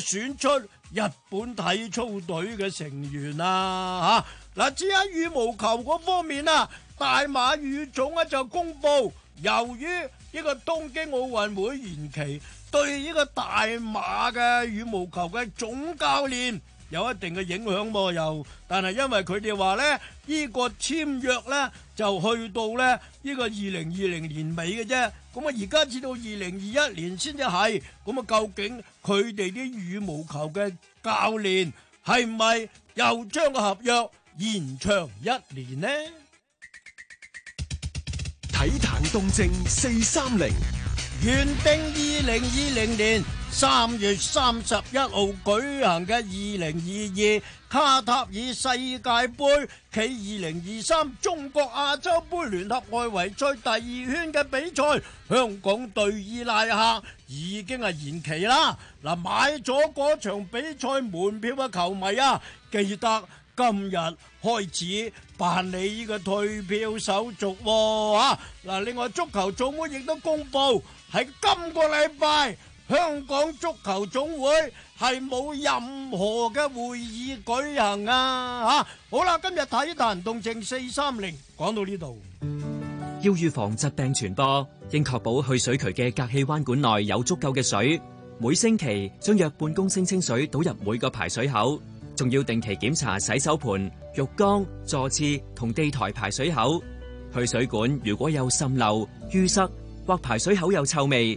選出日本體操隊嘅成員啊。吓，嗱，至於羽毛球嗰方面啊，大馬羽總咧就公布，由於呢個東京奧運會延期，對呢個大馬嘅羽毛球嘅總教練有一定嘅影響喎，又，但係因為佢哋話呢，呢、呢個簽約呢就去到咧呢、呢個二零二零年尾嘅啫。咁啊！而家至到二零二一年先至係，咁啊究竟佢哋啲羽毛球嘅教練係唔係又將個合約延長一年呢？體壇動靜四三零，原定二零二零年。三月三十一號舉行嘅二零二二卡塔爾世界杯暨二零二三中國亞洲杯聯合外圍賽第二圈嘅比賽，香港對伊拉克已經係延期啦。嗱，買咗嗰場比賽門票嘅球迷啊，記得今日開始辦理呢個退票手續。吓，嗱，另外足球總會亦都公布喺今個禮拜。香港足球總會係冇任何嘅會議舉行啊！吓、啊，好啦，今日睇《壇動靜四三零》，講到呢度。要預防疾病傳播，應確保去水渠嘅隔氣彎管內有足夠嘅水。每星期將約半公升清水倒入每個排水口，仲要定期檢查洗手盆、浴缸、坐廁同地台排水口。去水管如果有滲漏、淤塞或排水口有臭味，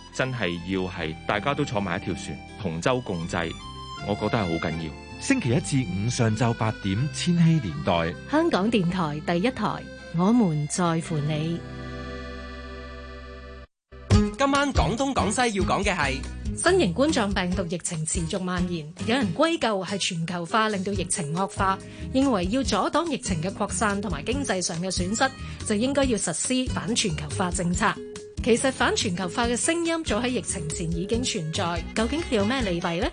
真係要係大家都坐埋一條船、同舟共濟，我覺得係好緊要。星期一至五上晝八點，千禧年代，香港電台第一台，我們在乎你。今晚講東講西要講嘅係新型冠狀病毒疫情持續蔓延，有人歸咎係全球化令到疫情惡化，認為要阻擋疫情嘅擴散同埋經濟上嘅損失，就應該要實施反全球化政策。其實反全球化嘅聲音早喺疫情前已經存在，究竟有咩利弊呢？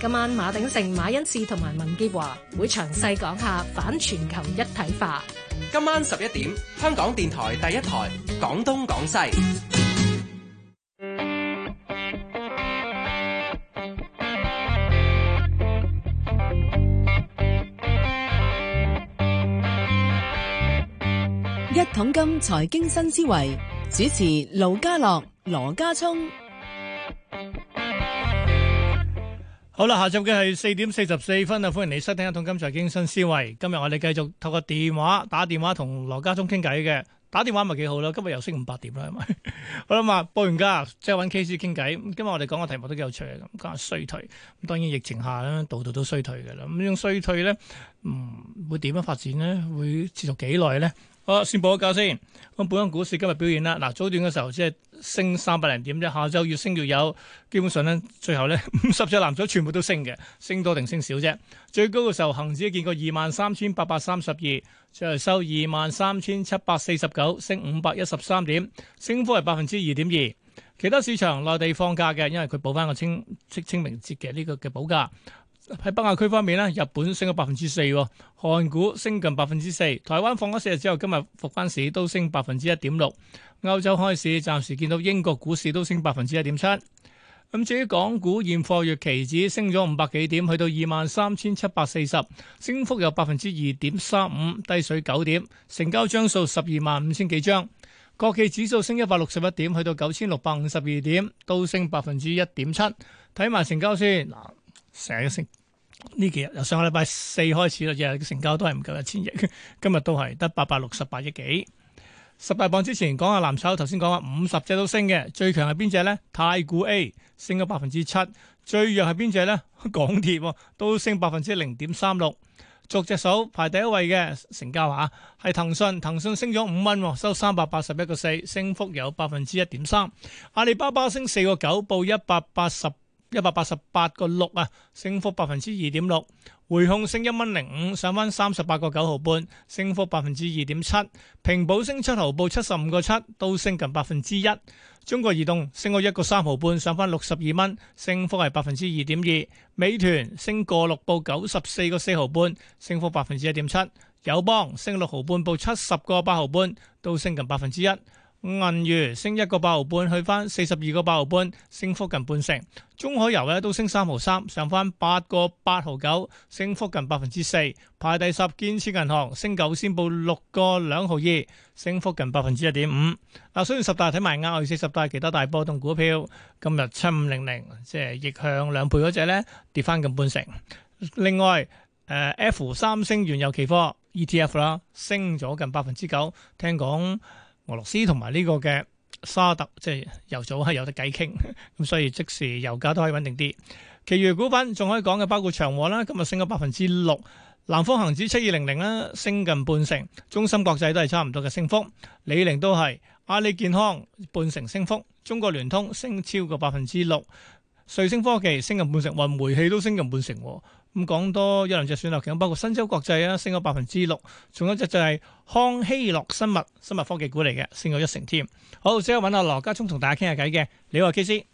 今晚馬鼎盛、馬恩士同埋文傑華會詳細講下反全球一體化。今晚十一點，香港電台第一台，廣東廣西，一桶金財經新思維。主持盧家樂、羅家聰，好啦，下集嘅係四點四十四分啊！歡迎你收聽一《通金財經新思維》。今日我哋繼續透過電話打電話同羅家聰傾偈嘅，打電話咪幾好啦！今日又升五百點啦，係咪？好諗啊，播完家即係揾 K 師傾偈。今日我哋講嘅題目都幾有趣嘅，講係衰退。咁當然疫情下啦，度度都衰退嘅啦。咁種衰退咧，唔、嗯、會點樣發展咧？會持續幾耐咧？好，先報個價先。咁本港股市今日表現啦，嗱早段嘅時候即係升三百零點啫，下晝越升越有，基本上咧最後咧五十隻藍籌全部都升嘅，升多定升少啫。最高嘅時候恒指見過二萬三千八百三十二，再收二萬三千七百四十九，升五百一十三點，升幅係百分之二點二。其他市場內地放假嘅，因為佢補翻個清即清明節嘅呢、這個嘅補假。喺北亞區方面咧，日本升咗百分之四，韓股升近百分之四，台灣放咗四日之後，今日復翻市都升百分之一點六。歐洲開市暫時見到英國股市都升百分之一點七。咁至於港股現貨月期指升咗五百幾點，去到二萬三千七百四十，升幅有百分之二點三五，低水九點，成交張數十二萬五千幾張。國企指數升一百六十一點，去到九千六百五十二點，都升百分之一點七。睇埋成交先嗱。成日都升，呢幾日由上個禮拜四開始啦，日日成交都係唔夠一千億，今日都係得八百六十八億幾。十大榜之前講下藍籌，頭先講下五十隻都升嘅，最強係邊隻咧？太古 A 升咗百分之七，最弱係邊隻咧？港鐵都升百分之零點三六。逐隻數排第一位嘅成交吓、啊，係騰訊，騰訊升咗五蚊，收三百八十一個四，升幅有百分之一點三。阿里巴巴升四個九，報一百八十。一百八十八個六啊，6，升幅百分之二點六，匯控升一蚊零五，上翻三十八個九毫半，升幅百分之二點七，平保升七毫報七十五個七，都升近百分之一。中國移動升咗一個三毫半，上翻六十二蚊，升幅係百分之二點二。美團升過六報九十四個四毫半，升幅百分之一點七。友邦升六毫半報七十個八毫半，都升近百分之一。銀娛升一個八毫半，去翻四十二個八毫半，升幅近半成。中海油咧，都升三毫三，上翻八個八毫九，升幅近百分之四。排第十，建設銀行升九仙報六個兩毫二，升幅近百分之一點五。嗱，雖然十大睇埋啱，但係十大其他大波動股票今日七五零零，即係逆向兩倍嗰隻咧跌翻近半成。另外，誒 F 三星原油期貨 ETF 啦，升咗近百分之九，聽講。俄羅斯同埋呢個嘅沙特，即係油組係有得偈傾，咁所以即時油價都可以穩定啲。其餘股份仲可以講嘅包括長和啦，今日升咗百分之六；南方恒指七二零零啦，升近半成；中芯國際都係差唔多嘅升幅，李寧都係，阿里健康半成升幅，中國聯通升超過百分之六，瑞聲科技升近半成，雲煤氣都升近半成。咁講多一兩隻選落股，包括新洲國際啦，升咗百分之六，仲有一隻就係康希諾生物，生物科技股嚟嘅，升咗一成添。好，即刻揾阿羅家聰同大家傾下偈嘅，你話 KC？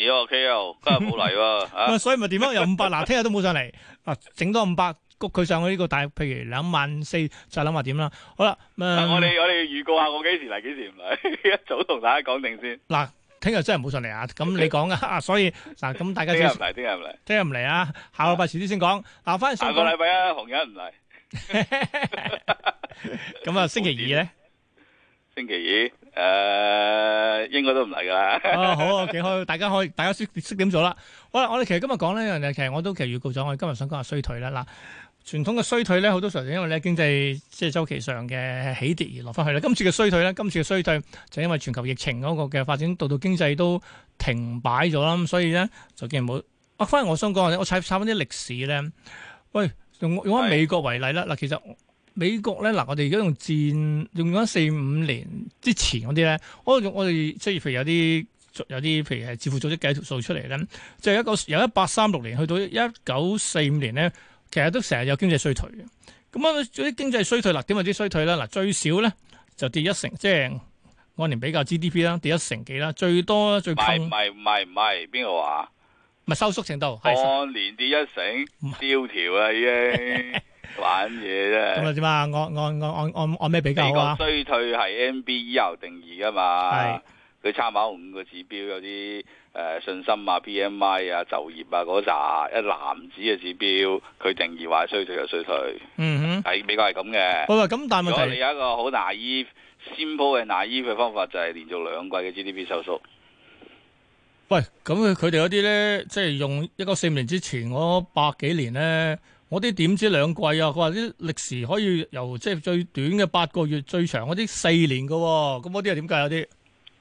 我 K 又今日冇嚟喎， 所以咪點樣有五百，嗱聽日都冇上嚟，啊，整多五百谷佢上去呢個大，譬如兩萬四，就諗下點啦。好啦、嗯，我哋我哋預告下我幾時嚟，幾時唔嚟，一早同大家講定先。嗱。 聽日真係冇上嚟啊！咁 Okay. 你講嘅，啊所以嗱，咁大家聽日唔嚟？聽日唔嚟？聽日唔嚟啊！下個禮拜遲啲先講。嗱，翻上個禮拜啊，紅日唔嚟。咁啊，星期二咧？星期二，誒、呃，應該都唔嚟噶啦。啊， 好啊，幾好，好，大家可以大家識識點做啦。好啦，我哋其實今日講呢樣嘢，其實我都其實預告咗，我哋今日想講下衰退啦。嗱。傳統嘅衰退咧，好多時候就因為咧經濟即係週期上嘅起跌而落翻去啦。今次嘅衰退咧，今次嘅衰退就因為全球疫情嗰個嘅發展，導致經濟都停擺咗啦。咁所以咧就竟然冇啊。返嚟我想講嘅，我查查翻啲歷史咧，喂用用翻美國為例啦。嗱，其實美國咧嗱，我哋而家用戰用咗四五年之前嗰啲咧，我我哋即係譬如有啲有啲譬如係支付組織計條數出嚟咧，即係一九由一八三六年去到一九四五年咧。其實都成日有經濟衰退嘅，咁啊，嗰啲經濟衰退啦，點為之衰退啦？嗱，最少咧就跌一成，即係按年比較 GDP 啦，跌一成幾啦，最多最唔係唔係唔係，邊個話？唔係收縮程度，按年跌一成，蕭條啊，已經玩嘢啫。咁 啊，點啊？按按按按按按咩比較啊？個衰退係 NBER 定義噶嘛？佢參考五個指標，有啲誒信心啊、P M I 啊、就業啊嗰扎一籃子嘅指標，佢定義話衰退就衰退，嗯哼、嗯，係美國係咁嘅。喂喂、嗯，咁但係問題，你有一個好 naive、先鋪嘅 naive 嘅方法，就係連續兩季嘅 G D P 收縮。喂，咁佢哋嗰啲咧，即係用一九四五年之前嗰百幾年咧，我啲點知兩季啊？佢話啲歷時可以由即係最短嘅八個月，最長嗰啲四年噶，咁嗰啲係點計啊？啲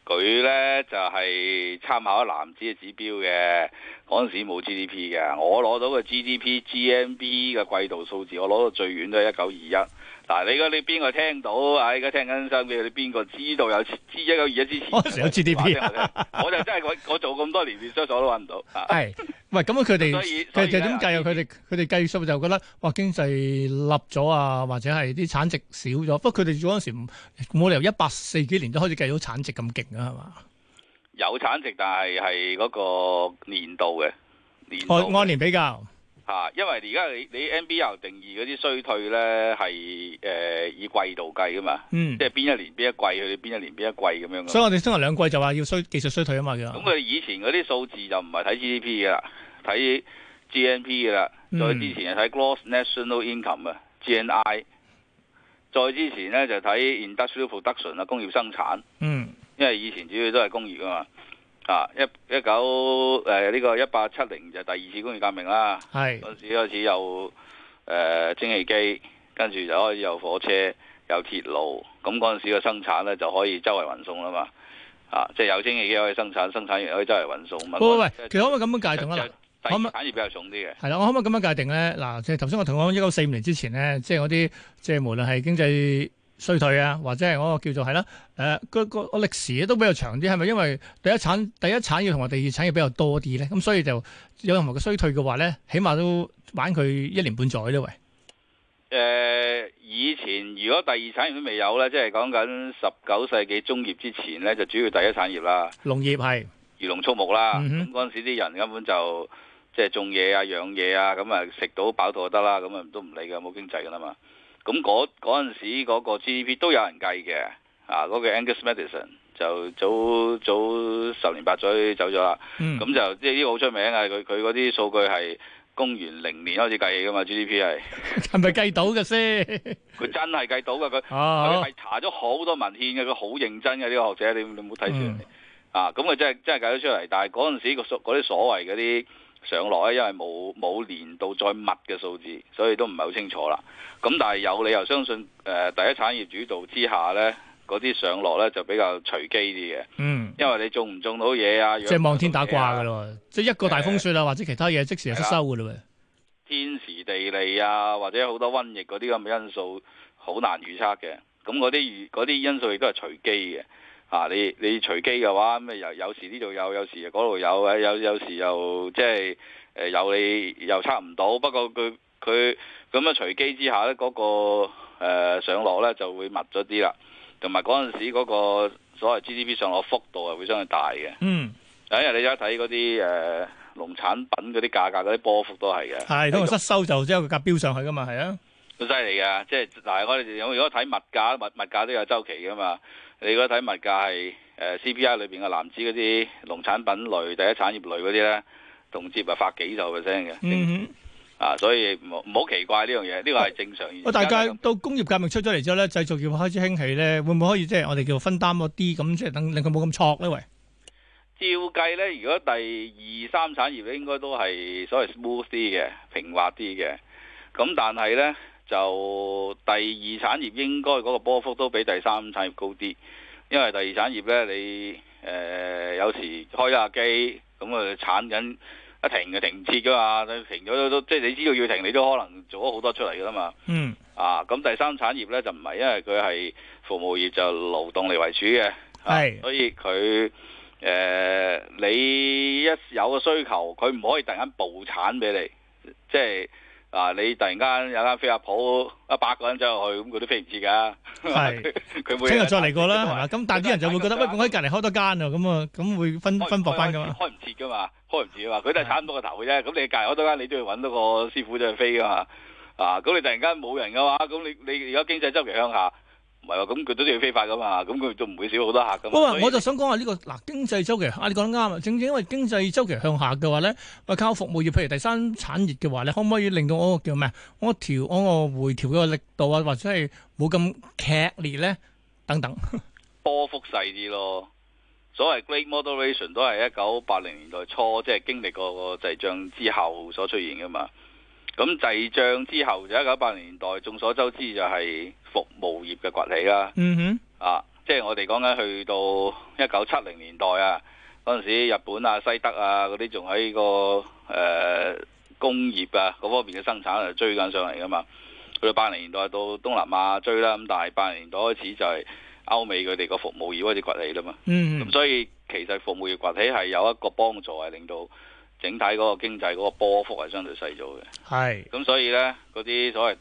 佢咧就係、是、參考一籃子嘅指標嘅，嗰陣時冇 GDP 嘅，我攞到個 GDP GMB 嘅季度數字，我攞到最遠都係一九二一。嗱、啊，你而家你邊個聽到啊？而家聽緊新聞，你邊個知道有知一有二一支？知之前時 DP，我成有 GDP，我就真係我，我做咁多年連鎖咗都揾唔到。係 ，喂，咁樣佢哋佢哋點計啊？佢哋佢哋計數就覺得哇，經濟立咗啊，或者係啲產值少咗。不過佢哋做嗰陣時，冇理由一八四幾年都開始計到產值咁勁嘅係嘛？有產值，但係係嗰個年度嘅按、哦、按年比較。吓，因為而家你你 NBER 定義嗰啲衰退咧，係誒以季度計噶嘛，嗯、即係邊一年邊一季佢邊一年邊一季咁樣。所以我哋先頭兩季就話要衰技術衰退啊嘛，咁佢以前嗰啲數字就唔係睇 GDP 嘅，睇 GNP 嘅啦，嗯、再之前係睇 gross national income 啊，GNI。再之前咧，就睇 industrial production 啊，工業生產，嗯、因為以前主要都係工業啊嘛。啊！一一九誒呢個一八七零就第二次工業革命啦，嗰陣是時開始有誒蒸汽機，跟住就可以有火車、有鐵路，咁嗰陣時嘅生產咧就可以周圍運送啦嘛。啊，即係有蒸汽機可以生產，生產完可以周圍運送。喂喂喂，其實可唔可以咁樣界定咧？可唔可以反而比較重啲嘅？係啦，我可唔可以咁樣界定咧？嗱，即係頭先我同講一九四五年之前咧，即係嗰啲即係無論係經濟。衰退啊，或者係嗰個叫做係啦，誒個個歷史都比較長啲，係咪因為第一產第一產業同埋第二產業比較多啲咧？咁所以就有任何嘅衰退嘅話咧，起碼都玩佢一年半載啫？喂，誒以前如果第二產業都未有咧，即係講緊十九世紀中葉之前咧，就主要第一產業啦，農業係，漁農畜牧啦。咁嗰陣、嗯、哼時啲人根本就即係種嘢啊、養嘢啊，咁啊食到飽肚得啦，咁啊都唔理㗎，冇經濟㗎喇嘛。咁嗰嗰陣時嗰個 GDP 都有人計嘅，啊、那、嗰個 Angus Maddison 就早早十年八載走咗啦，咁、嗯、就即係呢個好出名啊！佢佢嗰啲數據係公元零年開始計嘅嘛，GDP 係係咪計到嘅先？佢 真係計到嘅佢，佢、啊啊、查咗好多文獻嘅，佢好認真嘅呢、這個學者，你你冇睇住人哋啊！咁佢真係真係計得出嚟，但係嗰陣時嗰、那、啲、個、所，所謂嗰啲。上落咧，因為冇冇年度再密嘅數字，所以都唔係好清楚啦。咁但係有理由相信，誒、呃、第一產業主導之下咧，嗰啲上落咧就比較隨機啲嘅。嗯，因為你中唔中到嘢啊，即係望天打卦噶咯。啊、即係一個大風雪啊，或者其他嘢，即時失收噶啦、嗯。天時地利啊，或者好多瘟疫嗰啲咁嘅因素，好難預測嘅。咁嗰啲預嗰啲因素亦都係隨機嘅。啊！你你隨機嘅話，咁啊有有時呢度有，有時嗰度有，有有，有時又即係誒、呃、有你又測唔到。不過佢佢咁啊隨機之下咧，嗰、嗰個、呃、上落咧就會密咗啲啦。同埋嗰陣時嗰個所謂 GDP 上落幅度啊，會相對大嘅。嗯，日你而家睇嗰啲誒農產品嗰啲價格嗰啲波幅都係嘅。係、嗯，因為失收就即係佢價飆上去噶嘛。係啊，好犀利嘅。即係嗱，但我哋有如果睇物價物物，物價都有周期嘅嘛。你嗰睇物價係誒 CPI 裏邊嘅藍字嗰啲農產品類、第一產業類嗰啲咧，同接啊發幾十 percent 嘅，嗯、哼啊所以唔好唔好奇怪呢樣嘢，呢、呢個係正常、啊、現象。大家到工業革命出咗嚟之後咧，製造業開始興起咧，會唔會可以即係、就是、我哋叫分擔一啲咁，即係等令佢冇咁錯呢？喂，照計咧，如果第二三產業應該都係所謂 smooth 啲嘅、平滑啲嘅，咁但係咧。就第二產業應該嗰個波幅都比第三產業高啲，因為第二產業呢，你誒、呃、有時開下機咁啊，產緊一停就停唔切噶嘛，停咗都即係你知道要停，你都可能做咗好多出嚟噶啦嘛。嗯。Mm. 啊，咁第三產業呢，就唔係，因為佢係服務業就勞動力為主嘅，係、啊，mm. 所以佢誒、呃、你一有個需求，佢唔可以突然間暴產俾你，即係。嗱、啊，你突然間有間飛髮舖一百個人走入去，咁、嗯、佢都飛唔切噶。係，佢是每日聽日再嚟過啦。咁但係啲人就會覺得，喂，我喺隔離開多間啊，咁啊，咁會分分薄翻噶嘛。開唔切噶嘛，開唔切啊嘛，佢都係剷多個頭嘅啫。咁你隔離開多間，你都要揾到個師傅再去飛噶嘛。啊，咁你突然間冇人嘅話，咁你你而家經濟周期向下。唔係喎，咁佢都都要非法噶嘛，咁佢都唔會少好多客噶。不過我就想講下呢個嗱經濟周期，啊你講得啱啊，正正因為經濟周期向下嘅話咧，咪靠服務業，譬如第三產業嘅話咧，你可唔可以令到我叫咩？我調我個回調嘅力度啊，或者係冇咁劇烈咧，等等， 波幅細啲咯。所謂 Great Moderation 都係一九八零年代初即係經歷過個滯脹之後所出現噶嘛。咁滯脹之後就一九八零年代，眾所周知就係、是。服務業嘅崛起啦，啊，即係我哋講緊去到一九七零年代啊，嗰陣時日本啊、西德啊嗰啲仲喺個誒、呃、工業啊嗰方面嘅生產嚟追緊上嚟噶嘛。去到八零年代到東南亞追啦，咁但係八零年代開始就係歐美佢哋個服務業開始崛起啦嘛。咁、嗯、哼所以其實服務業崛起係有一個幫助，係令到整體嗰個經濟嗰個波幅係相對細咗嘅。係是，咁、嗯、所以咧嗰啲所謂。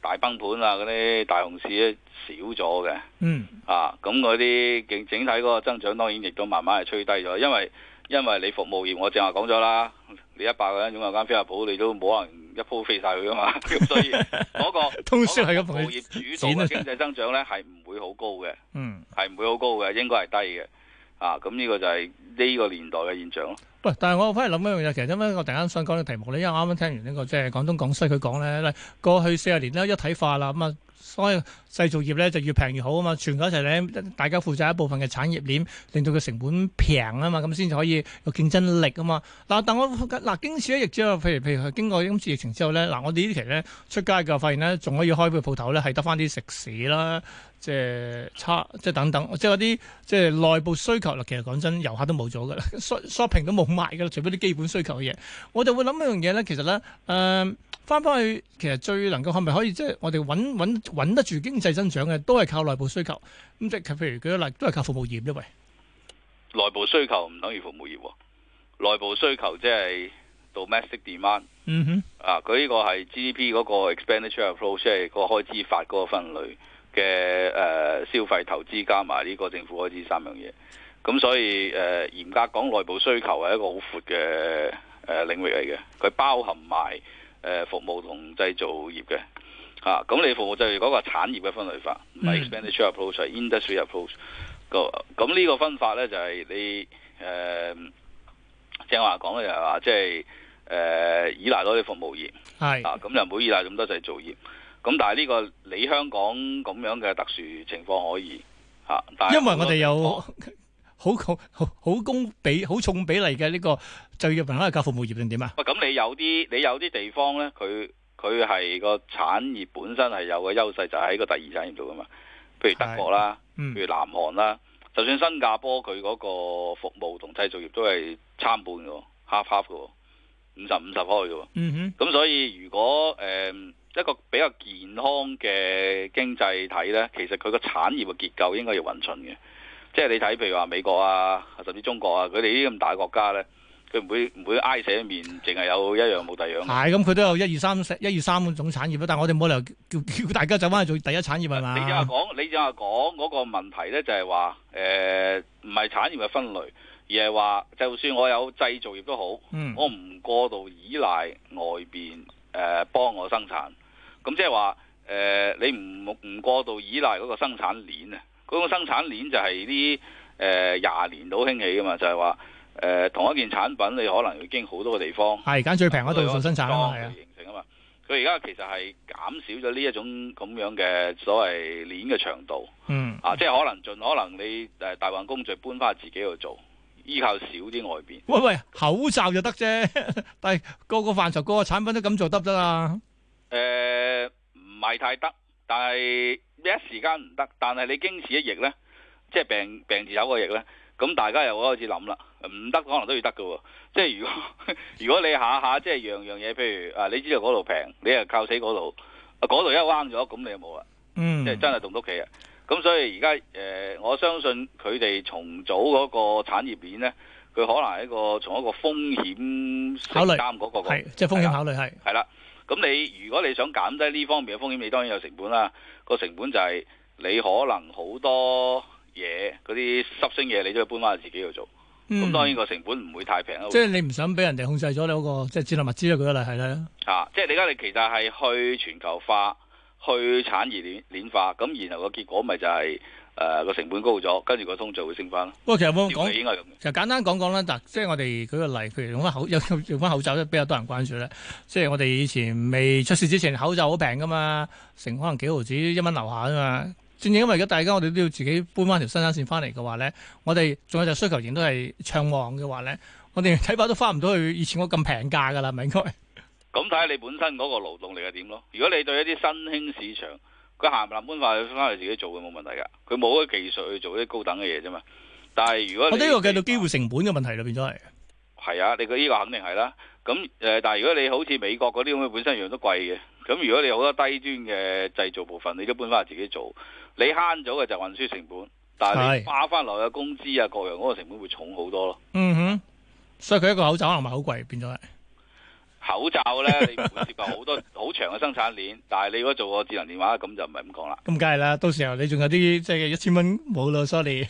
大崩盤啊！嗰啲大熊市咧少咗嘅，嗯啊，咁嗰啲整整體嗰個增長當然亦都慢慢係吹低咗，因為因為你服務業，我正話講咗啦，你一百個人擁有間飛髮舖，你都冇可能一鋪飛晒佢噶嘛，咁 所以嗰、嗰個通縮係服務業主導嘅經濟增長咧係唔會好高嘅，嗯，係唔會好高嘅，應該係低嘅，啊，咁呢個就係呢個年代嘅現象咯。喂，但係我翻嚟諗一樣嘢，其實點解我突然間想講呢個題目咧？因為我啱啱聽完呢個即係廣東廣西佢講咧，過去四十年咧一體化啦咁啊。所以製造業咧就越平越好啊嘛，全球一齊咧，大家負責一部分嘅產業鏈，令到佢成本平啊嘛，咁先就可以有競爭力啊嘛。嗱、啊，但我嗱、啊、經此一役之後，譬如譬如經過今次疫情之後咧，嗱、啊，我哋呢啲期咧出街嘅發現咧，仲可以開嘅鋪頭咧，係得翻啲食肆啦，即係差即係等等，即係嗰啲即係內部需求啦。其實講真，遊客都冇咗㗎啦，shopping 都冇賣㗎啦，除非啲基本需求嘅嘢。我就會諗一樣嘢咧，其實咧誒，翻、呃、返去其實最能夠係咪可以即係我哋揾揾。穩得住經濟增長嘅都係靠內部需求，咁即係譬如舉個例都係都係靠服務業。內部需求唔等於服務業，內部需求即係 domestic demand。嗯哼，啊，佢、這、呢個係 GDP 嗰個 expenditure approach，即係個開支法嗰個分類嘅誒、呃、消費、投資加埋呢個政府開支三樣嘢。咁所以誒嚴、呃、格講，內部需求係一個好闊嘅誒領域嚟嘅，佢包含埋誒、呃、服務同製造業嘅。啊，咁你服務就係嗰個產業嘅分類法，唔係 expenditure approach，係、嗯、industry approach 個、啊。咁呢個分法咧就係、是、你誒、呃，正話講咧就係、是、話，即係誒依賴多啲服務業係是啊，咁就唔好依賴咁多就係做業。咁、啊、但係呢、這個你香港咁樣嘅特殊情況可以吓，啊、但因為我哋有 好好好供比好重比例嘅呢個就業平可係靠服務業定點啊？喂，咁你有啲你有啲地方咧，佢。佢係個產業本身係有個優勢，就喺個第二產業度㗎嘛。譬如德國啦，的譬如南韓啦，嗯、就算新加坡佢嗰個服務同製造業都係參半嘅，half half 嘅，五十五十開嘅。咁、嗯、哼所以如果誒、呃、一個比較健康嘅經濟體呢，其實佢個產業嘅結構應該要勻循嘅。即、就、係、是、你睇譬如話美國啊，甚至中國啊，佢哋呢啲咁大嘅國家呢。佢唔會唔會挨死一面，淨係有一樣冇第二樣。係咁，佢都有一二三一二三種產業，但係我哋冇理由叫大家走翻去做第一產業係嘛？你正話講，你正話講嗰個問題咧，就係話誒唔係產業嘅分類，而係話就算我有製造業都好，嗯、我唔過度依賴外邊誒、呃、幫我生產。咁即係話誒，你唔唔過度依賴嗰個生產鏈啊？嗰、嗰個生產鏈就係啲誒廿年都興起噶嘛，就係、係、話。誒、呃，同一件產品你可能要經好多個地方，係揀最平嗰度去生產咯，係啊。佢而家其實係減少咗呢一種咁樣嘅所謂鏈嘅長度，嗯啊，即係可能盡可能你誒大運工序搬翻去自己去做，依靠少啲外邊。喂喂，口罩就得啫，但係個個範疇，個個產品都咁做得唔得啊？誒、呃，唔係太得，但係一時間唔得，但係你經此一役咧，即係病病字嗰個疫咧。咁大家又開始諗啦，唔得可能都要得嘅喎。即係如果如果你下下即係樣樣嘢，譬如啊，你知道嗰度平，你又靠死嗰度，嗰度一彎咗，咁你又冇啦。嗯，即係真係棟唔到企啊。咁所以而家誒，我相信佢哋重組嗰個產業鏈咧，佢可能係一個從一個風險承擔嗰個係，即係風險考慮係係啦。咁你如果你想減低呢方面嘅風險，你當然有成本啦。個成本就係你可能好多。嘢嗰啲濕星嘢，你都要搬翻去自己度做，咁當然個成本唔會太平咯。即係你唔想俾人哋控制咗你嗰個，即係戰略物資咧，舉個例係啦嚇。即係你而家你其實係去全球化，去產業鏈鏈化，咁然後個結果咪就係誒個成本高咗，跟住個通脹會升翻咯。不過其實冇講，應其就簡單講講啦，嗱，即係我哋舉個例，譬如用翻口，用用翻口罩咧比較多人關注咧。即係我哋以前未出事之前，口罩好平噶嘛，成可能幾毫紙一蚊樓下吖嘛。正正因為而家大家我哋都要自己搬翻條新生產線翻嚟嘅話咧，我哋仲有就需求仍都係暢旺嘅話咧，我哋睇怕都翻唔到去以前嗰咁平價㗎啦，咪應該。咁睇下你本身嗰個勞動力係點咯。如果你對一啲新興市場，佢鹹鹹搬翻去翻嚟自己做嘅冇問題㗎，佢冇啲技術去做啲高等嘅嘢啫嘛。但係如果呢個計到機會成本嘅問題啦，就是，變咗係。係啊，你個呢個肯定係啦。咁誒，但係、呃、如果你好似美國嗰啲咁嘅本身樣都貴嘅。咁如果你有好多低端嘅製造部分，你都搬翻嚟自己做，你慳咗嘅就運輸成本，但係你花翻落去嘅工資啊各樣嗰個成本會重好多咯。嗯哼，所以佢一個口罩可能唔係好貴，變咗口罩咧，你唔會涉及好多好長嘅生產鏈，但係你如果做個智能電話，咁就唔係咁講啦。咁梗係啦，到時候你仲有啲即係一千蚊冇咯，sorry。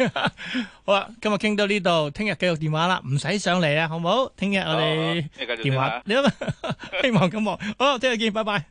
好啦，今日傾到呢度，聽日繼續電話啦，唔使上嚟喇，好唔好？聽日我哋繼續電話，你好，希望咁忙，好，聽日見，拜拜。